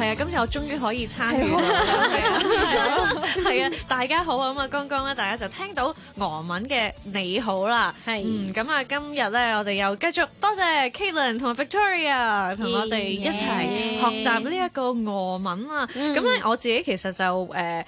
係啊，今次我終於可以參與啦！係的啊，大家好啊，咁、嗯、啊，剛剛咧大家就聽到俄文嘅你好啦，係。的嗯，咁啊，今日咧我哋又繼續多謝 Katelyn 同 Victoria 同我哋一齊學習呢一個俄文啊。咁咧的我自己其實就誒。呃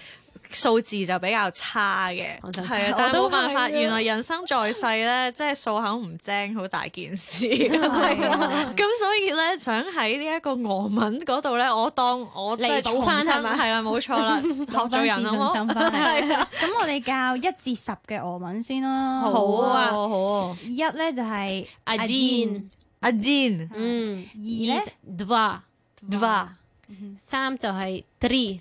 數字就比較差嘅，係啊，但係冇辦法，原來人生在世咧，即係數口唔精，好大件事。咁所以咧，想喺呢一個俄文嗰度咧，我當我哋係補翻身，係啦，冇錯啦，學做人啊，我咁我哋教一至十嘅俄文先啦。好啊，好。一咧就係阿堅，阿堅，嗯，二咧，два，два，三就係 три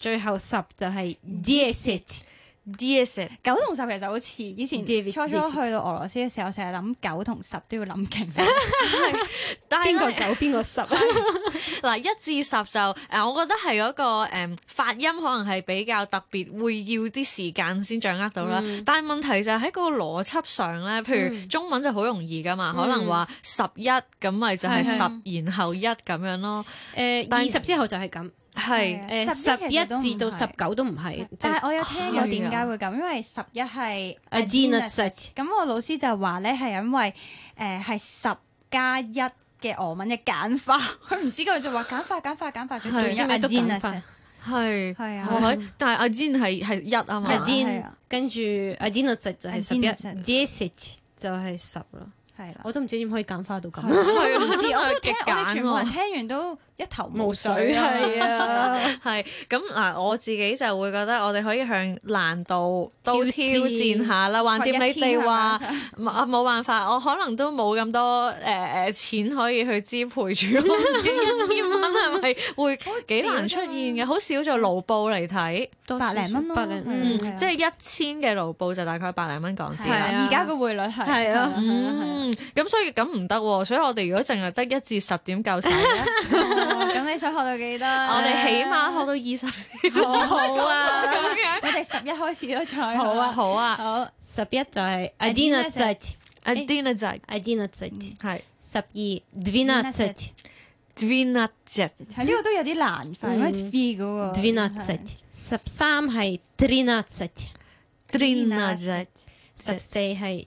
最後十就係 d s c a d s d e c 九同十其實好似以前初初去到俄羅斯嘅時候，成日諗九同十都要諗勁。但係邊個九邊個十嗱，一至十就誒，我覺得係嗰個誒發音可能係比較特別，會要啲時間先掌握到啦。但係問題就喺嗰個邏輯上咧，譬如中文就好容易噶嘛，可能話十一咁咪就係十然後一咁樣咯。誒，二十之後就係咁。係，誒、啊、十一至到十九都唔係。但係我有聽過點解會咁，啊、因為十一係。阿 Januset、er、咁我老師就話咧係因為誒係、呃、十加一嘅俄文嘅簡化，佢唔 知佢就話簡化簡化簡化咗，仲有阿 Janus。係係啊，但係阿 Jan 係一啊嘛，跟住阿 Janu、er、set、啊、 e 就係十一 Janu、er、set、yes、就係十啦。係啦，我都唔知點可以簡化到咁。係我覺得極簡喎。全部人聽完都一頭霧水啊！係啊，係咁嗱，我自己就會覺得我哋可以向難度都挑戰下啦。橫掂你哋話啊，冇辦法，我可能都冇咁多誒錢可以去支配住。一千蚊係咪會幾難出現嘅？好少做盧布嚟睇，百零蚊百零？即係一千嘅盧布就大概百零蚊港紙啦。而家個匯率係。係啊，咁所以咁唔得喎，所以我哋如果淨係得一至十點夠晒？咁你想學到幾多？我哋起碼學到二十。好啊，咁樣我哋十一開始咗賽。好啊，好啊，好，十一就係係十二呢個都有啲難，十三係，十四係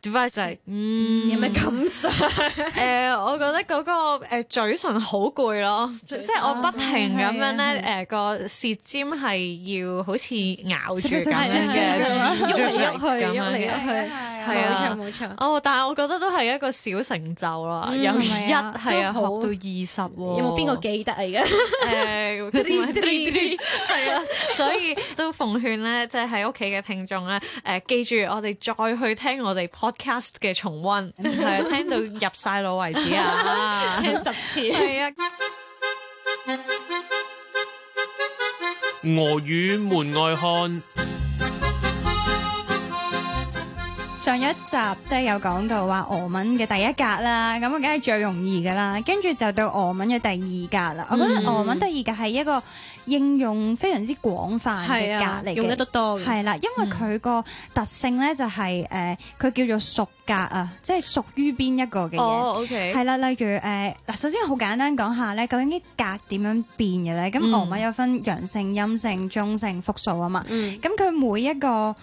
Device 點解就係嗯，有咩感受？誒，我覺得嗰個誒嘴脣好攰咯，即係我不停咁樣咧，誒個舌尖係要好似咬住咁樣，喐嚟喐去咁樣嘅，係啊，冇錯哦，但係我覺得都係一個小成就咯，由一係啊學到二十，有冇邊個記得啊而家？誒，係啊，所以都奉勸咧，即係喺屋企嘅聽眾咧，誒記住我哋再去聽我哋。cast 嘅重溫，係 聽到入晒腦為止 啊！聽十次，俄語門外漢。上一集即係有講到話俄文嘅第一格啦，咁我梗係最容易噶啦。跟住就到俄文嘅第二格啦。Mm. 我覺得俄文第二格係一個應用非常之廣泛嘅格嚟嘅，啊，用得都多嘅。係啦，因為佢個特性咧就係，是，誒，佢，呃，叫做屬格啊，即，就，係，是、屬於邊一個嘅嘢。係啦，oh, okay，例如誒，嗱、呃，首先好簡單講下咧，究竟啲格點樣變嘅咧？咁俄文有分陽性、陰性、中性、複數啊嘛。嗯。咁佢每一個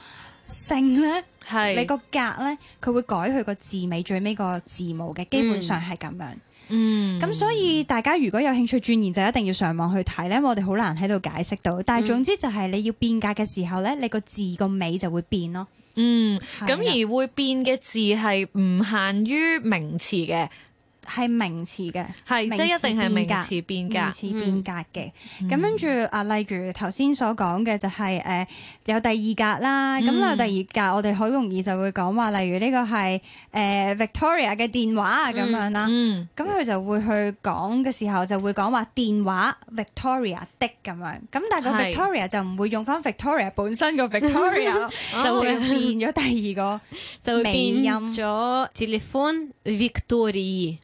性咧。係，是你個格咧，佢會改佢個字尾最尾個字母嘅，基本上係咁樣。嗯，咁所以大家如果有興趣鑽研，就一定要上網去睇咧，我哋好難喺度解釋到。但係總之就係你要變格嘅時候咧，你個字個尾就會變咯。嗯，咁的而會變嘅字係唔限於名詞嘅。係 Sí, 名詞嘅，係即係一定係名詞變格，名詞變格嘅。咁跟住啊，例、嗯、如頭先所講嘅就係、是、誒、呃、有第二格啦，咁、mm. 有第二格，我哋好容易就會講話，例如呢個係誒、呃、Victoria 嘅電話啊咁樣啦。咁佢、mm. mm. 就會去講嘅時候就會講話電話 Victoria 的咁樣。咁但係個 Victoria 是就唔會用翻 Victoria 本身個 Victoria， 就會變咗第二個，就會變咗 telefon Victoria。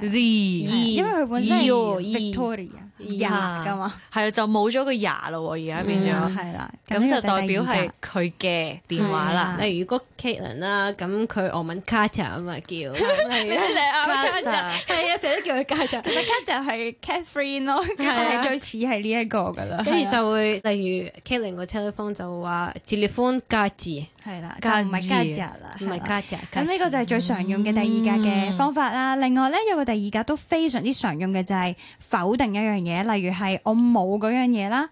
V 二，因為佢本身 Victoria 廿噶嘛，係啊，就冇咗個廿咯，而家變咗係啦，咁就代表係佢嘅電話啦。例如如果 Kalen 啦，咁佢俄文 Katya 咁啊叫，係啊，成日都叫佢加日，加日係 Catherine 咯，但係最似係呢一個噶啦。跟住就會例如 Kalen 個 telephone 就話 telephone 加字係啦，加唔係 c a 啦，唔係加日。咁呢個就係最常用嘅第二格嘅方法啦。另外咧有個。第二格都非常之常用嘅就係否定一樣嘢，例如係我冇嗰樣嘢啦，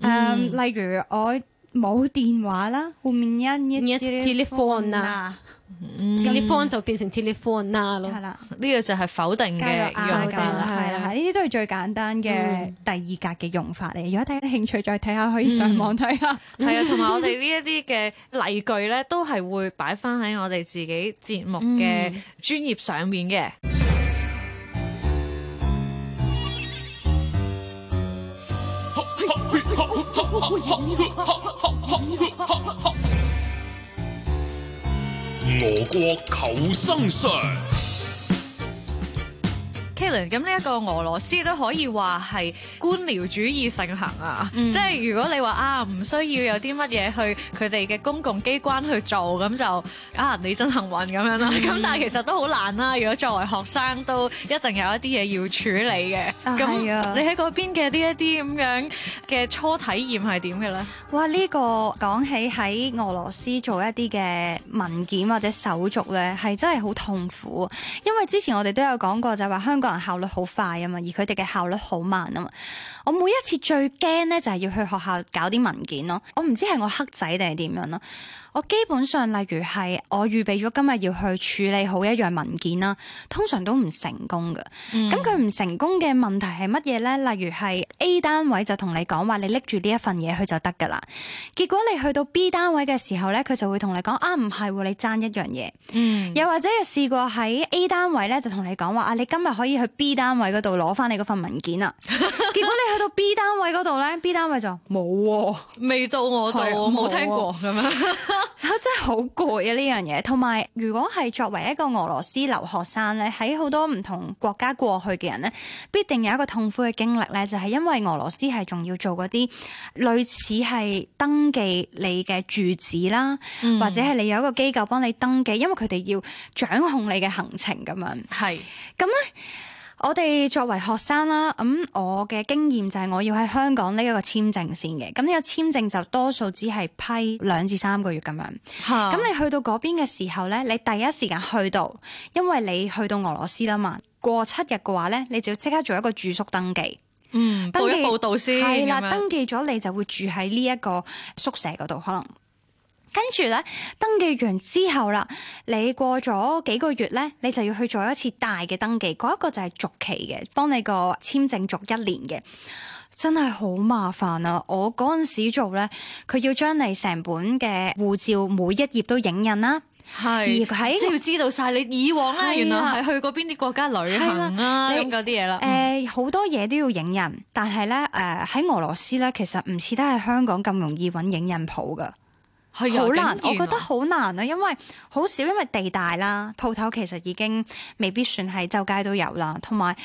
誒，例如我冇電話啦，phone，phone 就變成 telephone 啦，呢個就係否定嘅用法，係啦，呢啲都係最簡單嘅第二格嘅用法嚟。如果大家興趣再睇下，可以上網睇下。係啊，同埋我哋呢一啲嘅例句咧，都係會擺翻喺我哋自己節目嘅專頁上面嘅。俄國求生上。Kalen，咁呢一個俄羅斯都可以話係官僚主義盛行啊！嗯、即係如果你話啊唔需要有啲乜嘢去佢哋嘅公共機關去做，咁就啊你真幸運咁樣啦、啊！咁、嗯、但係其實都好難啦、啊。如果作為學生都一定有一啲嘢要處理嘅。咁你喺嗰邊嘅呢一啲咁樣嘅初體驗係點嘅咧？哇！呢、呢個講起喺俄羅斯做一啲嘅文件或者手續咧，係真係好痛苦。因為之前我哋都有講過，就係話香港。個人效率好快啊嘛，而佢哋嘅效率好慢啊嘛。我每一次最驚咧，就係要去學校搞啲文件咯。我唔知係我黑仔定係點樣咯。我基本上，例如係我預備咗今日要去處理好一樣文件啦，通常都唔成功嘅。咁佢唔成功嘅問題係乜嘢咧？例如係 A 單位就同你講話，你拎住呢一份嘢去就得噶啦。結果你去到 B 單位嘅時候咧，佢就會同你講啊，唔係喎，你爭一樣嘢。嗯。又或者又試過喺 A 單位咧，就同你講話啊，你今日可以去 B 單位嗰度攞翻你嗰份文件啦。結果你。去到 B 單位嗰度咧，B 單位就冇、啊，未到我度，冇是聽過咁、啊、這樣， 真係好攰啊呢樣嘢。同埋，如果係作為一個俄羅斯留學生咧，喺好多唔同國家過去嘅人咧，必定有一個痛苦嘅經歷咧，就係因為俄羅斯係仲要做嗰啲類似係登記你嘅住址啦，嗯、或者係你有一個機構幫你登記，因為佢哋要掌控你嘅行程咁樣。係咁咧。我哋作為學生啦，咁、嗯、我嘅經驗就係我要喺香港呢一個簽證先嘅，咁呢個簽證就多數只係批兩至三個月咁樣。咁哈你去到嗰邊嘅時候咧，你第一時間去到，因為你去到俄羅斯啦嘛，過七日嘅話咧，你就要即刻做一個住宿登記。嗯，報一報到先記。係啦，樣登記咗你就會住喺呢一個宿舍嗰度，可能。跟住咧，登記完之後啦，你過咗幾個月咧，你就要去做一次大嘅登記。嗰一個就係續期嘅，幫你個簽證續一年嘅，真係好麻煩啊！我嗰陣時做咧，佢要將你成本嘅護照每一頁都影印啦、啊，係是而喺、那個、即要知道晒你以往咧、啊，啊、原來係去過邊啲國家旅行啊，嗰啲嘢啦。誒好多嘢都要影印，但係咧誒喺俄羅斯咧，其實唔似得喺香港咁容易搵影印鋪㗎。好難，啊、我覺得好難啊，因為好少，因為地大啦，鋪頭其實已經未必算係周街都有啦，同埋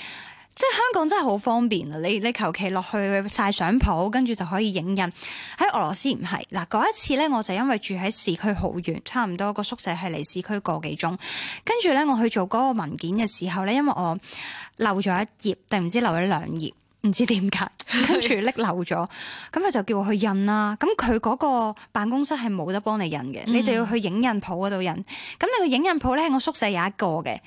即係香港真係好方便啊！你你求其落去晒相鋪，跟住就可以影印。喺俄羅斯唔係嗱，嗰一次咧，我就因為住喺市區好遠，差唔多個宿舍係離市區個幾鐘，跟住咧我去做嗰個文件嘅時候咧，因為我漏咗一頁定唔知漏咗兩頁。唔知點解，跟住拎漏咗，咁佢 就叫我去印啦。咁佢嗰個辦公室係冇得幫你印嘅，你就要去影印鋪嗰度印。咁你個影印鋪咧，係我宿舍有一個嘅。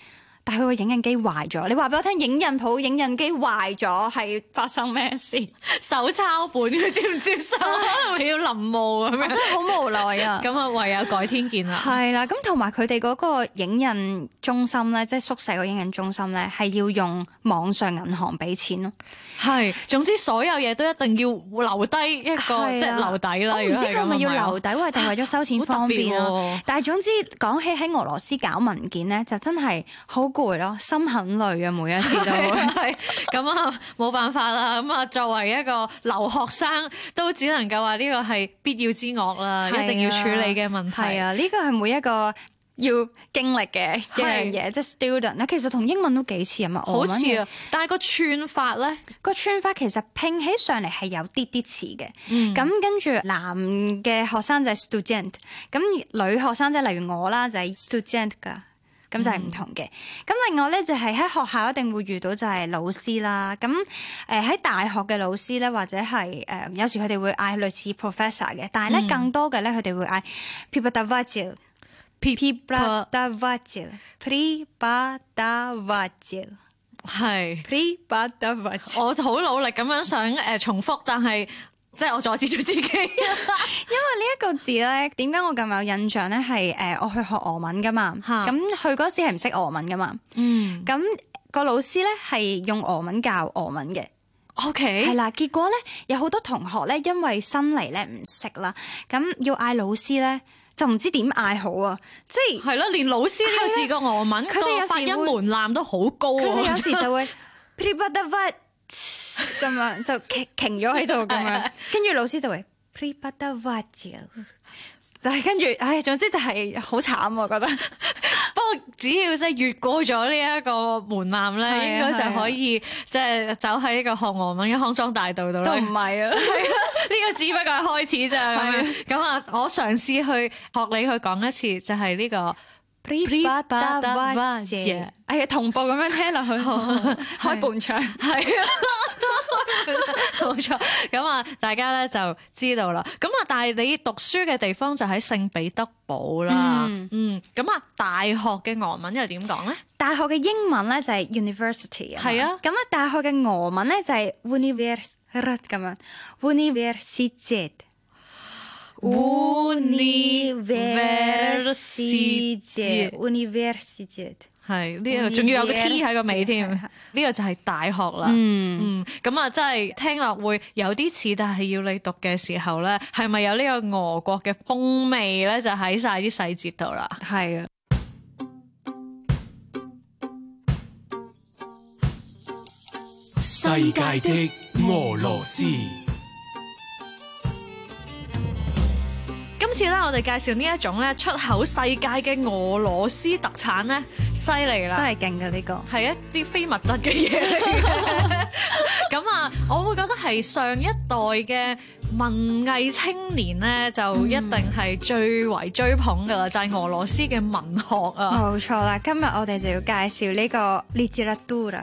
但佢個影印機壞咗，你話俾我聽，影印鋪影印機壞咗係發生咩事？ 手抄本，接唔接受？我、啊、可能要臨摹咁樣，啊、真係好無奈啊！咁啊，唯有改天見啦。係啦、啊，咁同埋佢哋嗰個影印中心咧，即係宿舍個影印中心咧，係要用網上銀行俾錢咯。係，總之所有嘢都一定要留低一、啊、一個，即係留底啦。唔、啊、知佢係咪要留底，或者、啊、為咗收錢方便咯。啊啊、但係總之講起喺俄羅斯搞文件咧，就真係好～攰咯，心很累啊，每一次都係咁啊，冇辦法啦。咁啊，作為一個留學生，都只能夠話呢個係必要之惡啦，一定要處理嘅問題。係啊，呢、哎，這個係每一個要經歷嘅一樣嘢，即係 student 咧。其實同英文都幾似啊嘛，好似啊、喔，但係個串法咧，個串法其實拼起上嚟係有啲啲似嘅。咁、嗯、跟住男嘅學生就係 student，咁女學生即係例如我啦，就係、是、student 噶。咁、嗯、就係唔同嘅。咁另外咧就係、是、喺學校一定會遇到就係老師啦。咁誒喺大學嘅老師咧，或者係誒、呃、有時佢哋會嗌類似 professor 嘅，但係咧更多嘅咧佢哋會嗌 pibadavaju，pibadavaju，pibadavaju，係 pibadavaju。我就好努力咁樣想誒重複，但係。即係我阻止咗自己， 因為呢一個字咧，點解我咁有印象咧？係誒，我去學俄文噶嘛，咁佢嗰時係唔識俄文噶嘛，咁、嗯、個老師咧係用俄文教俄文嘅，OK，係啦。結果咧有好多同學咧，因為新嚟咧唔識啦，咁要嗌老師咧就唔知點嗌好啊，即係係咯，連老師呢個字個俄文佢個發音門檻都好高，佢啦有，有時就會， 咁樣就停咗喺度咁樣，跟住 老師就會， 就係跟住，唉，總之就係好慘我覺得。 不過只要即係越過咗呢一個門檻咧，啊、應該就可以即係、啊、走喺呢個學俄文嘅康莊大道度。都唔係啊，呢個只不過係開始咋。咁啊，我嘗試去學你去講一次，就係、是、呢、呢個。哎同步咁樣聽落去， 開半場，係 啊 沒錯，冇錯。咁啊，大家咧就知道啦。咁啊，但係你讀書嘅地方就喺聖彼得堡啦。 嗯，咁、嗯、 啊，大學嘅俄文又點講咧？大學嘅英文咧就係 university。係啊。咁啊，大學嘅俄文咧就係 universitet 咁樣 Université，Université，係呢個仲要有個 t 喺個尾添，呢個的就係大學啦。嗯，咁、嗯、啊，真係聽落會有啲似，但係要你讀嘅時候咧，係咪有呢個俄國嘅風味咧？就喺晒啲細節度啦。係啊的，世界的俄羅斯。今次咧，我哋介紹呢一種咧，出口世界嘅俄羅斯特產咧，犀利啦！真係勁噶呢個，係一啲非物質嘅嘢嚟嘅。咁啊，我會覺得係上一代嘅文藝青年咧，就一定係最為追捧噶啦，嗯、就係俄羅斯嘅文學啊。冇錯啦，今日我哋就要介紹呢個 literatura。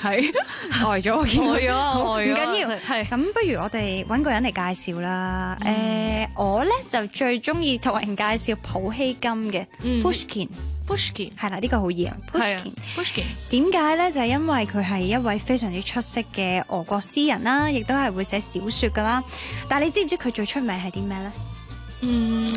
係，害咗，呆咗，唔緊要。係咁，不如我哋揾個人嚟介紹啦。誒、嗯呃，我咧就最中意同人介紹普希金嘅 Pushkin、嗯、Pushkin 係啦，呢、呢個好易啊。Pushkin，Pushkin 點解咧？就係、係、因為佢係一位非常之出色嘅俄國詩人啦，亦都係會寫小説噶啦。但係你知唔知佢最出名係啲咩咧？嗯。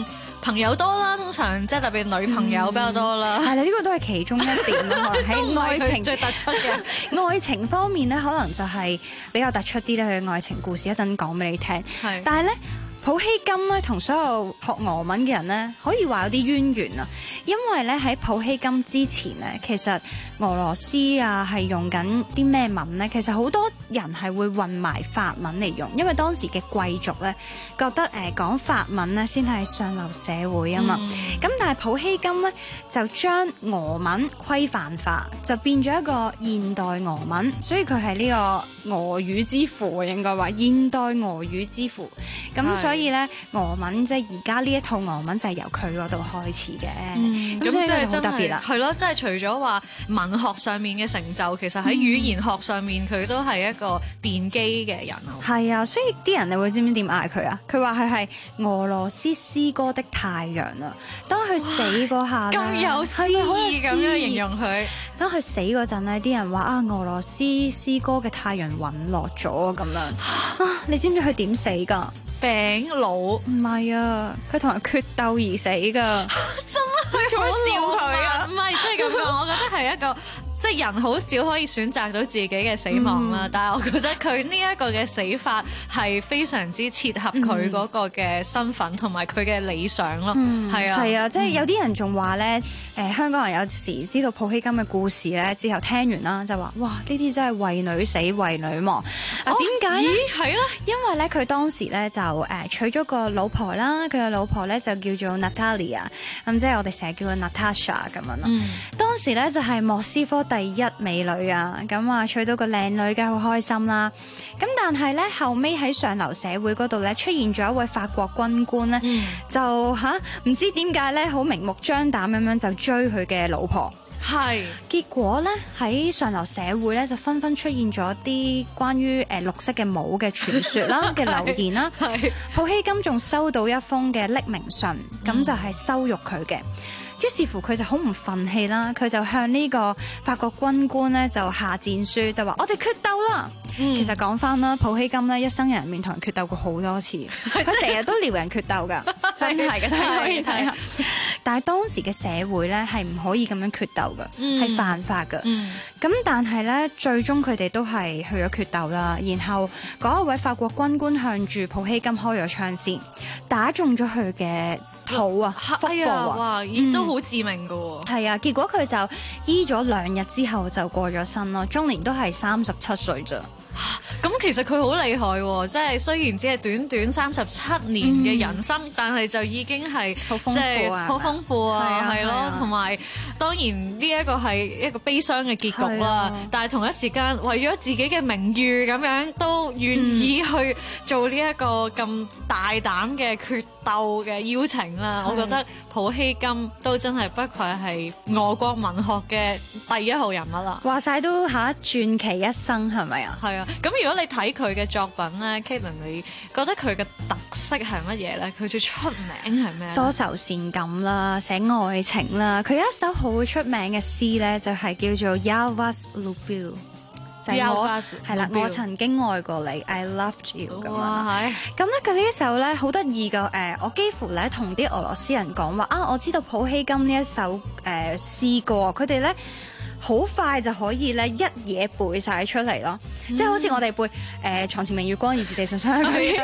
朋友多啦，通常即係特別女朋友比較多啦。係啦、嗯，呢個都係其中一點啊，喺 愛情最突出嘅 愛情方面咧，可能就係比較突出啲咧佢嘅愛情故事，一陣講俾你聽。係，但係咧。普希金咧同所有學俄文嘅人咧，可以話有啲淵源啊，因為咧喺普希金之前咧，其實俄羅斯啊係用緊啲咩文咧？其實好多人係會混埋法文嚟用，因為當時嘅貴族咧覺得誒講法文咧先係上流社會啊嘛。咁、嗯、但係普希金咧就將俄文規範化，就變咗一個現代俄文，所以佢係呢個俄語之父，應該話現代俄語之父。咁是所以所以咧，俄文即係而家呢一套俄文就係由佢嗰度開始嘅，咁、嗯、所以好特別啦。係咯，即係除咗話文學上面嘅成就，其實喺語言學上面佢都係一個奠基嘅人啊。係、嗯、啊，所以啲人你會知唔知點嗌佢啊？佢話佢係俄羅斯詩歌的太陽啊。當佢死嗰下，咁有詩意咁樣形容佢。當佢死嗰陣咧，啲人話啊，俄羅斯詩歌嘅太陽隕落咗咁樣、啊。你知唔知佢點死噶？病佬，唔係啊，佢同人決鬥而死噶 ，真係好笑佢啊？唔係，真係咁講，我覺得係一個。即係人好少可以選擇到自己嘅死亡啦，嗯、但係我覺得佢呢一個嘅死法係非常之切合佢嗰個嘅身份同埋佢嘅理想咯，係、嗯、啊，係啊、嗯，即係有啲人仲話咧，誒、呃，香港人有時知道普希金嘅故事咧之後聽完啦，就話哇呢啲真係為女死為女亡啊？點解、哦？呢咦係啊，因為咧佢當時咧就誒娶咗個老婆啦，佢嘅老婆咧就叫做 Natalia，咁即係我哋成日叫佢 Natasha 咁樣咯。嗯、當時咧就係莫斯科，第一美女啊，咁啊娶到個靚女梗好開心啦。咁但係呢，後尾喺上流社會嗰度呢，出現咗一位法國軍官、嗯、呢，就吓唔知點解呢，好明目張膽咁樣就追佢嘅老婆。係是，結果呢，喺上流社會呢，就紛紛出現咗啲關於誒綠色嘅帽嘅傳說啦嘅 留言啦。好，希金仲收到一封嘅匿名信，咁就係羞辱佢嘅。嗯於是乎佢就好唔憤氣啦，佢就向呢個法國軍官咧就下戰書，就話我哋決鬥啦。嗯、其實講翻啦，普希金咧一生人面同人決鬥過好多次，佢成日都撩人決鬥噶，真係嘅真係可以睇下。但係當時嘅社會咧係唔可以咁樣決鬥嘅，係、嗯、犯法嘅。咁、嗯、但係咧，最終佢哋都係去咗決鬥啦。然後嗰一位法國軍官向住普希金開咗槍先，打中咗佢嘅。好啊，黑啊，哇，都好致命噶、啊。係、嗯、啊，結果佢就醫咗兩日之後就過咗身咯，終年都係三十七歲咋。咁其實佢好厲害喎、哦，即係雖然只係短短三十七年嘅人生，但係就已經係即係好豐富啊，係咯，同埋中文當然呢一個係一個悲傷嘅結局啦。啊、但係同一時間為咗自己嘅名譽咁樣都願意去做呢一個咁大膽嘅決鬥嘅邀請啦。是我覺得普希金都真係不愧係俄國文學嘅第一號人物啦。話晒都嚇傳奇一生係咪啊？係啊！是中文咁如果你睇佢嘅作品咧，Kalen，你覺得佢嘅特色係乜嘢咧？佢最出名係咩？多愁善感啦，寫愛情啦。佢有一首好出名嘅詩咧，就係、是、叫做 Ya vas lyubil，就係、是、我係啦。我曾經愛過你，I loved you 咁啊哇。咁咧佢呢一首咧好得意噶。誒，我幾乎咧同啲俄羅斯人講話啊，我知道普希金呢一首誒詩歌，佢哋咧。好快就可以咧一嘢背晒出嚟咯，即係好似我哋背誒牀、呃、前明月光，疑是地上霜嗰啲，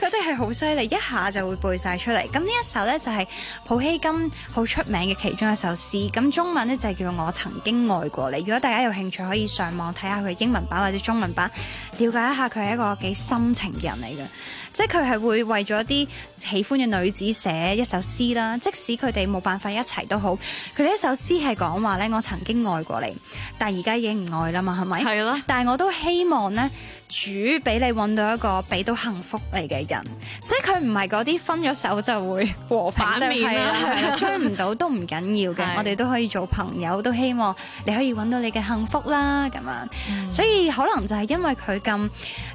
佢哋係好犀利，一下就會背晒出嚟。咁呢一首咧就係、是、普希金好出名嘅其中一首詩，咁中文咧就係叫我曾經愛過你。如果大家有興趣，可以上網睇下佢英文版或者中文版，了解一下佢係一個幾深情嘅人嚟嘅。即係佢係會為咗啲喜歡嘅女子寫一首詩啦，即使佢哋冇辦法一齊都好，佢哋一首詩係講話呢，我曾經愛過你，但而家已經唔愛啦嘛，係咪？係咯。但係我都希望呢。主俾你揾到一個俾到幸福你嘅人，所以佢唔係嗰啲分咗手就會和反面啦對， 追唔到都唔緊要嘅，對 我哋都可以做朋友，都希望你可以揾到你嘅幸福啦咁樣！所以可能就係因為佢咁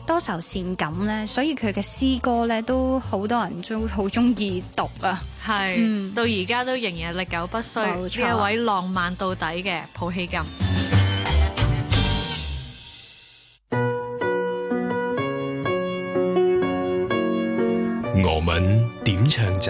多愁善感咧，所以佢嘅詩歌咧都好多人都好中意讀啊，係到而家都仍然歷久不衰，沒錯 一位浪漫到底嘅普希金。俄文點唱集？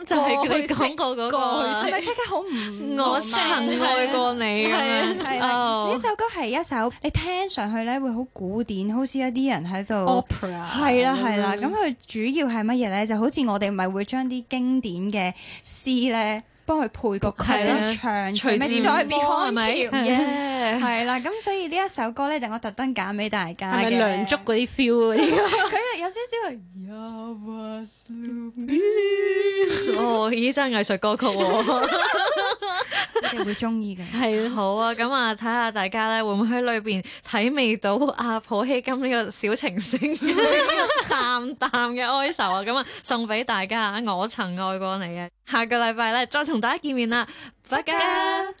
就係佢講過嗰個，係咪即刻好唔我曾愛過你？係 啊，係啊，呢首歌係一首你聽上去咧會好古典，好似一啲人喺度 opera 係啦係啦。咁佢、oh. 主要係乜嘢咧？就好似我哋咪會將啲經典嘅詩咧，幫佢配個曲，唱的期徐志摩係咪？係啦是，咁所以呢一首歌咧，就我特登揀俾大家嘅。係咪梁祝嗰啲 feel 啲？佢 有少少係。 哦，咦，真係藝術歌曲喎。 會中意嘅，係好啊！咁啊，睇下大家咧會唔會喺裏邊睇未到阿普希金呢個小情聖呢個淡淡嘅哀愁啊！咁啊，送俾大家，我曾愛過你啊！imeter 下個禮拜咧再同大家見面啦，拜拜。比較 stretchy